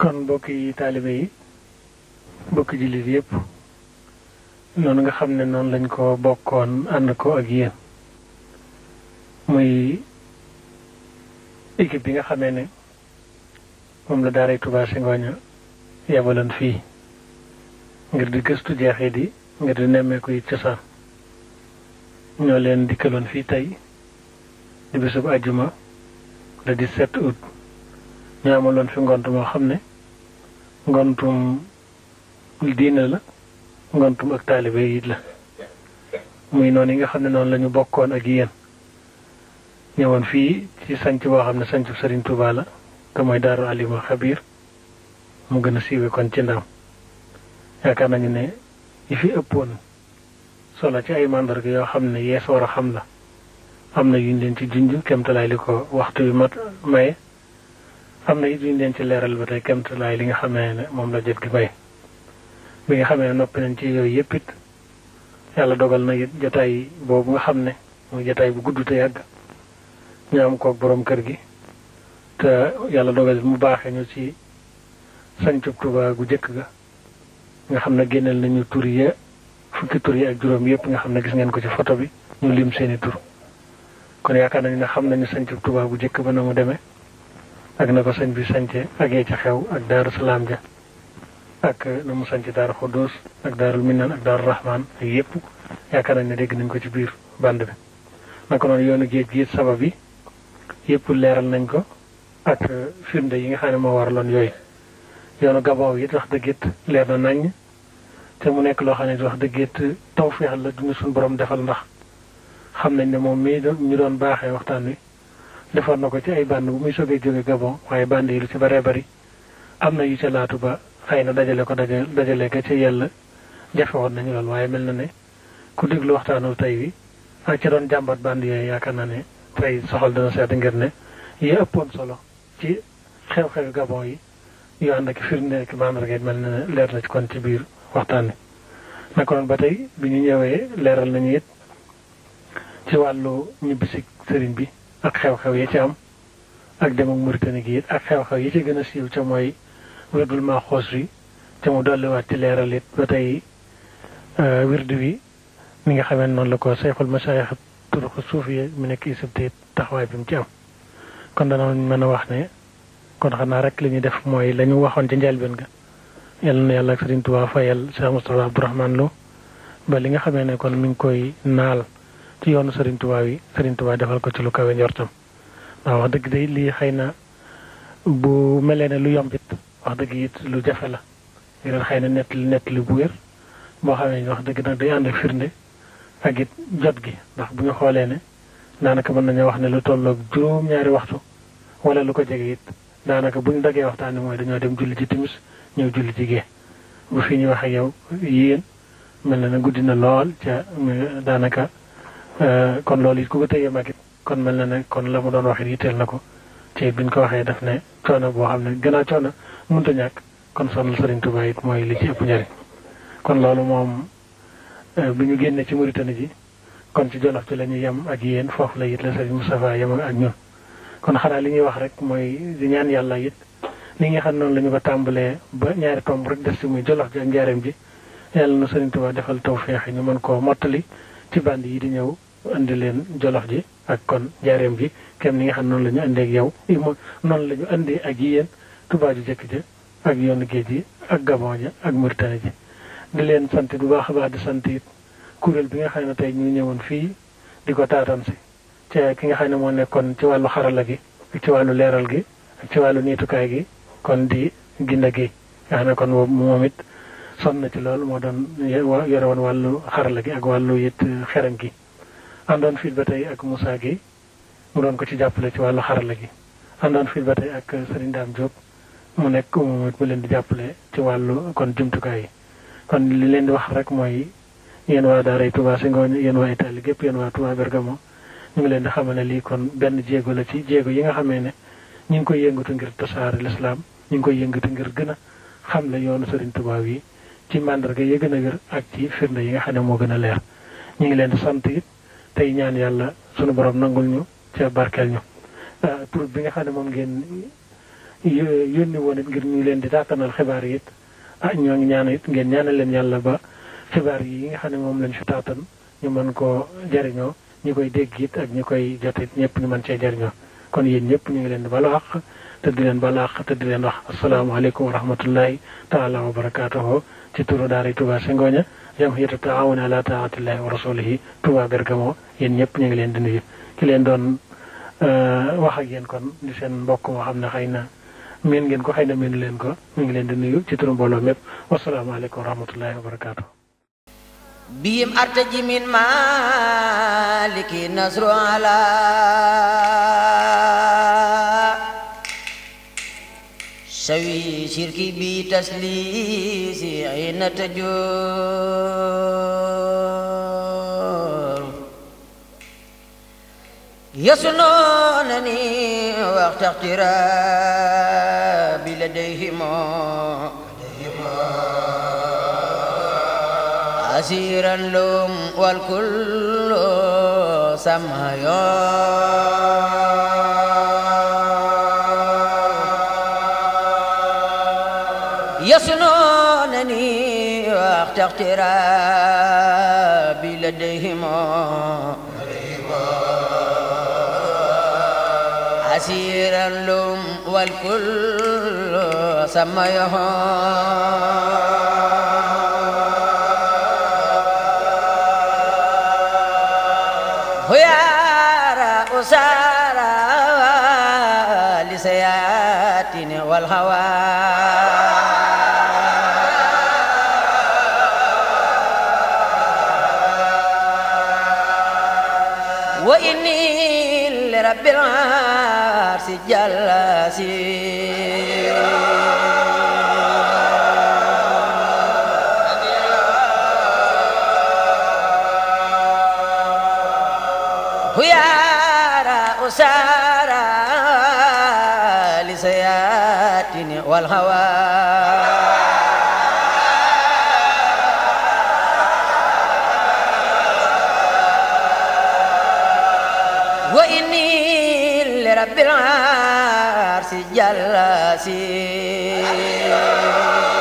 kon mbokk yi taalibe yi mbokk jullit yépp noonu nga xam ne noonu lañ ko bokkoon ànd ko ak yéen muy équipe bi nga xamee ne moom la daaray Touba Zingonia yebaloon fii ngir di gëstu jeexit yi ngir di nemmeeku yi cosaan ñoo leen dikkaloon fii tey di bésub àjjuma le 17 août ñu amaloon fi ngont moo xam ne ngontum diine la ngontum ak taalibe yi la muy noonu yi nga xam ne noonu lañu bokkoon ak yéen ñëwoon fii ci sanc boo xam ne sancu Serigne Touba te mooy Daaru Alimul Xabiir mu gën a siiwe kon ci ndam yaakaar nañu ne yi fi ëppoon solo ci ay màndarga yoo xam ne yees war a xam la am na yuñ leen ci junj kemtalaay li ko waxtu yi mat maye am na it yu leen ci leeral ba tey kemtalaay li nga xamee ne moom la jot gi bay bi nga xamee noppi nañ ci yooyu yëpp it yàlla dogal na it jotaay boobu nga xam ne mooy jotaay bu gudd te yàgg ñu am koog borom kër gi te yàlla dogal mu baaxee ñu ci sañcub Tuubaa bu jëkk ga nga xam ne génneel nañu tur ya fukki tur yi ak juróom yëpp nga xam ne gis ngeen ko ci photo bi ñu lim seeni tur kon yaakaar nañu ne xam nañu sañcub Tuubaa gu jëkk ba na mu demee ak na ko sëñ bi sañce ak yi ci xew ak daaru salaam ja ak na mu sañc daaru xudduus ak daarul minan ak daaru rahmaan ak yëpp yaakaar nañ ne dégg nañ ko ci biir band bi naka noonu yoonu géej gi sabab yi yépp leeral nañ ko ak firnde yi nga xam ne moo waraloon yooyu yoonu gabon yi wax dëgg leer na nañ te mu nekk loo xam ne wax dëgg taw tawfeex la duñu suñu borom defal ndax xam nañ ne moom mii ñu doon baaxe waxtaan wi defoon na ko ci ay bànd bu muy soogee jóge Gabon waaye bànd lu ci bëree bëri am na yu ca laatu ba xëy na dajale ko dajale dajale ko ca yàlla jafewoon nañu lool waaye mel na ne ku déglu waxtaanu tey wi ak ca doon jàmbat bànd yooyu yaakaar naa ne tey soxal dana seet ngir ne yi ëppoon solo ci xew-xewi Gabon yi yoo ànd ak firnde ak mandarga mel na leer na ci kon ci biir waxtaan wi naka noonu ba tey bi ñu ñëwee leeral nañu it ci wàllu ñibbisi sëriñ bi ak xew-xew yi ci am ak dem ak Mauritanie gi ak xew-xew yi ci gën a siiw ca mooy wirdul maaxoos wi te mu dolliwaat ci leeral it ba tey euh, wirdu wi mi nga xamee noonu la ko sayxul masaayix turuxu suufiya mu nekk isibte taxawaay bi mu ci am kon dana mën a wax ne kon xanaa rek li ñu def mooy lañu waxoon ci njëlbeen ga yal na yàlla ak Sëriñ Tuubaa fayal Cheikh Moustapha Abdourahmane Lo ba li nga xamee ne kon mi ngi koy naal ci yoonu Serigne Touba yi Serigne Touba defal ko ci lu kawe njortam ndax wax dëgg day lii xëy na bu melee ne lu yombit wax dëgg it lu jafe la ngir xëy na nett nett li bu wér boo xamee wax dëgg nag day ànd firnde ak it jot gi ndax bu ñu xoolee ne daanaka mën nañu wax ne lu tolloog juróom-ñaari waxtu wala lu ko jege it daanaka bu ñu dagee waxtaan mooy dañoo dem julli ci timis ñëw julli ci gee bu fi ñu wax ak yéen mel na ne guddi na lool ca daanaka. Euh, kon loolu it ku ko tëyee mag it kon mel na ne kon la mu doon wax it yitteel na ko te biñ ko waxee def ne coono boo xam ne gënaa a coono mënut a ñàkk kon sonal Sëriñ Tuubaa it mooy li ci ëpp kon loolu moom euh, bi ñu génnee ci Mauritanie ji kon ci Jolof ci la ñuy yem ak yéen foofu la it la Sëriñ Moustapha yem ak ñun. kon xanaa li ñuy wax rek mooy di ñaan yàlla yit li nga xam noonu lañu ko tàmbalee ba ñaari tomb rek def ci muy Jolof ji ak njaareem ji yàlla na Sëriñ Tuubaa defal tawféex ñu mën koo mottali ci band yi di ñëw. indi leen jolof ji ak kon jaareem ji kenn ni nga xam noonu lañu ñu indee ak yow noonu la ñu indee ak yéen Tuubaa ju jëkk ja ak yoonu géej gi ak Gabon ja ak Mauritanie ji di leen sant bu baax a baax di sant it kuréel bi nga xam ne tey ñu ñëwoon fii di ko taataan si ca ki nga xam ne moo nekkoon ci wàllu xarala gi ak ci wàllu leeral gi ak ci wàllu niitukaay gi kon di ginda gi nga xam ne kon moom it sonn na ci loolu moo doon yore woon wàllu xarala gi ak wàllu it xeram gi àndoon fii ba tey ak musa gi mu doon ko ci jàppale ci wàllu xarala gi àndoon fii ba tey ak Serigne Dame Diop mu nekk moom mu leen di jàppale ci wàllu kon jumtukaay yi kon li leen di wax rek mooy yéen waa daaray Touba Singoñ yéen waa Italie gépp yéen waa Touba Bergamo ñu ngi leen di xamal ne lii kon benn jéego la ci jéego yi nga xamee ne ñu ngi koy yëngatu ngir tasaare lislaam ñu ngi koy yëngatu ngir gën a xam le yoonu sëriñ Touba yi ci màndarga yi gën a wér ak ci firnde yi xam ne moo gën a leer ñu ngi leen di sant it tey ñaan yàlla sunu borom nangul ñu ca barkeel ñu. Ah, tur bi nga xam ne moom ngeen yónni woon it ngir ñu leen di taatanal xibaar yi it ah ñoo ngi ñaan it ngeen ñaanal leen yàlla ba xibaar yi nga xam ne moom lañu fi taatan ñu mën koo jariñoo ñi koy dégg it ak ñi koy jot it ñëpp ñu mën cee jariñoo. kon yéen ñëpp ñu ngi leen di balu àq te di leen balu àq te di leen wax asalaamaaleykum wa rahmatullahi taala wa barakaatuhu ci turu daara Touba Sengoña jamhiyatu taawun ala taatillahi wa rasulihi Touba Bergamo yéen ñëpp ñu ngi leen di nuyu ki leen doon euh, wax ak yéen kon di seen mbokk moo xam ne xëy na miin ngeen ko xëy na miinu leen ko ñu ngi leen di nuyu ci turu mbooloo mépp wasalaamaaleykum wa rahmatullahi wa barakaatu بهم أرتجي من تسليس أين تجور يصنونني وقت اقتراب لديهما عسيرا لهم والكل سمعيان الكرام لديهم عسيرا لهم والكل سميه خيار أسارى لسياتني والهوى رب العرش جل والهوى رب العرش جل سي